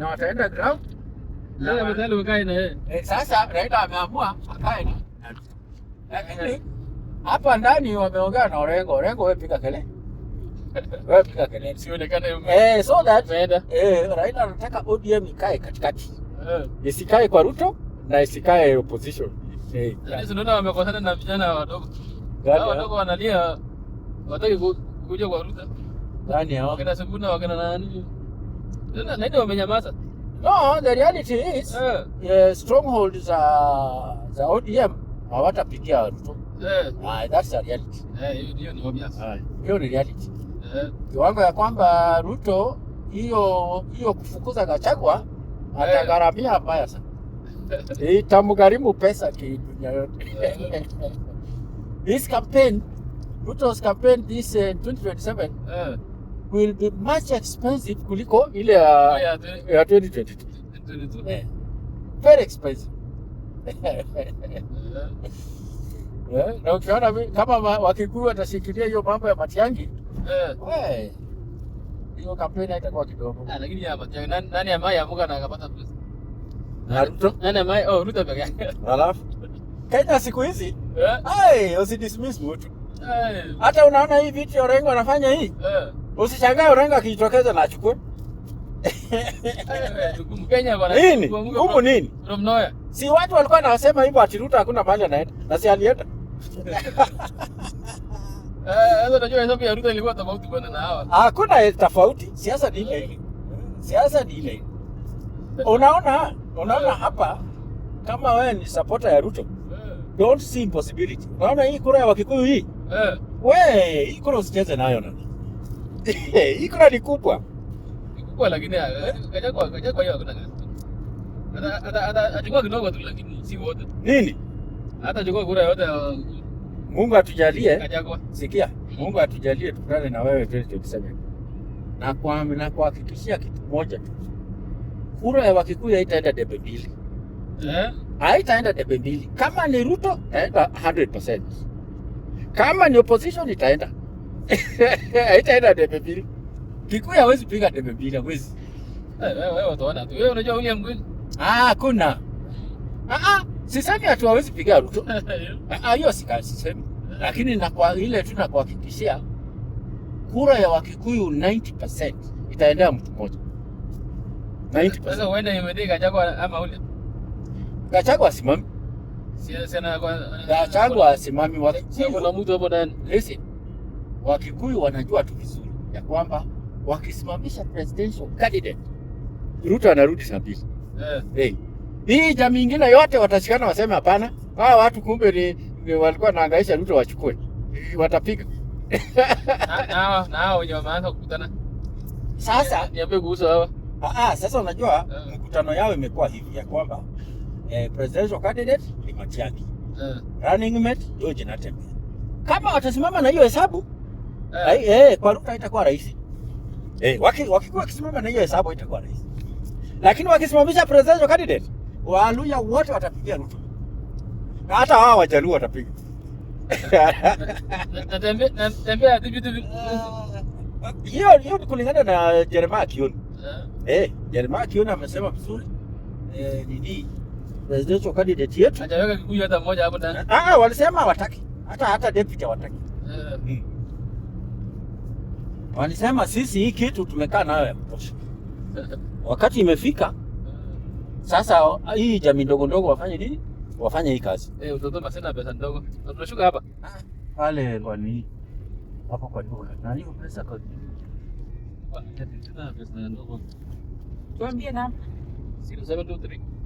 na wataenda ground. Sasa Raila ameamua akae na lakini hapa ndani wameongea na Orengo. Orengo, wewe pika kelele, wewe pika kelele, sionekane eh, so that eh, Raila anataka ODM ikae katikati, isikae kwa Ruto na isikae opposition. Eh, ndio wamekosana na vijana wadogo wadogo, wanalia wataki kuja kwa Ruto, ndani hao wakina Sifuna wakina nani lakini wamenyamaza. No, the reality is, yeah. Uh, stronghold za za ODM hawatapigia Ruto. Yeah. Ah, that's the reality. Eh, hiyo ni obvious. Ah, hiyo ni reality. Eh. Kiwango ya kwamba Ruto hiyo hiyo kufukuza Gachagua eh. atagharamia hapaya sana. Itamgharimu pesa kidunia yote. Eh. This campaign, Ruto's campaign this uh, 2027. yeah will be much expensive kuliko ile ya ya 2022 yeah. Eh. very expensive yeah. Na ukiona kama Wakikuyu watashikilia hiyo mambo ya Matiangi yeah. Hey. Eh. Hiyo kampeni haitakuwa kidogo. Ah, lakini ya Matiangi, nani ambaye amuka na akapata pesa? Na Ruto? Nani ambaye oh Ruto peke yake. Kenya siku hizi yeah. Eh. usi dismiss mtu. Hata unaona hii vitu Orengo anafanya hii yeah. Usishangae Orengo akijitokeza na achukue eh, eh, nini huku nini. Si watu walikuwa nawasema hivyo, ati Ruto hakuna mahali anaenda na si alienda. Eh, hakuna tofauti, siasa ni ile, siasa ni ile. Unaona, unaona hapa, kama wewe ni supporter ya Ruto, don't see impossibility. Unaona hii kura ya Wakikuyu hii, wewe hii kura usicheze nayo nani Eh, hii kuna ni kubwa kubwa, lakini eh, Gachagua, Gachagua yeye hakuna kazi, atachukua kidogo tu, lakini si wote nini, hata chukua kura yote. Eh, Mungu atujalie Gachagua, sikia, Mungu atujalie tukutane na wewe 2027 na kwa na kuhakikishia kitu moja tu, kura ya Wakikuyu haitaenda debe mbili eh, haitaenda debe mbili. Kama ni Ruto itaenda 100%, kama ni opposition itaenda haitaenda debe mbili. Kikuyu hawezi piga debe mbili, hawezi. Eh, wewe utaona tu. Wewe unajua William Ngwino? Ah, kuna. Ah ah, sisemi atu hawezi piga Ruto. Ah, ah, hiyo sika sisemi. Lakini na kwa ile tu nakuhakikishia kura ya Wakikuyu 90% itaendea mtu mmoja. 90%. Sasa uende imedika Gachagua ama ule. Gachagua kwa, Gachagua simami Wakikuyu. Kikuyu. Kuna mtu hapo ndani. Listen. Wakikuyu wanajua tu vizuri ya kwamba wakisimamisha presidential candidate Ruto anarudi saa mbili. Yeah. Hey. Eh. Hii jamii ingine yote watashikana waseme hapana, hawa watu kumbe ni, ni walikuwa naangaisha Ruto wachukue. Eh, watapiga. Nao nao wenye wameanza kukutana. Sasa niambie kuhusu hawa. Ah, ah sasa unajua yeah. Mkutano yao imekuwa hivi ya kwamba eh, presidential candidate ni Matiang'i. Yeah. Running mate George Natembeya. Kama watasimama na hiyo hesabu Eh. eh, kwa nukta itakuwa rahisi eh, wakikuwa wakisimama na hiyo hesabu itakuwa rahisi, lakini wakisimamisha presidential candidate Waluya wote watapigia Ruto na hata hawa wajaluo watapiga. Hiyo ni kulingana na Jeremiah Kioni. Eh. eh, Jeremiah Kioni amesema vizuri eh, nini presidential candidate yetu hajaweka kikuyu hata mmoja hapo ndani. Ah, ah walisema hawataki hata hata deputy hawataki. Eh. Hmm. Walisema sisi hii kitu tumekaa nayo ya kutosha, wakati imefika sasa. Hii jamii ndogo ndogo wafanye nini? Wafanye hii kazi Eh, pesa ndogo. Na tunashuka hapa. Ah, pale kwa kwani hapo kwa duka na hiyo pesa kwa Kwa nini? Ah, pesa ndogo? tuambie na 0723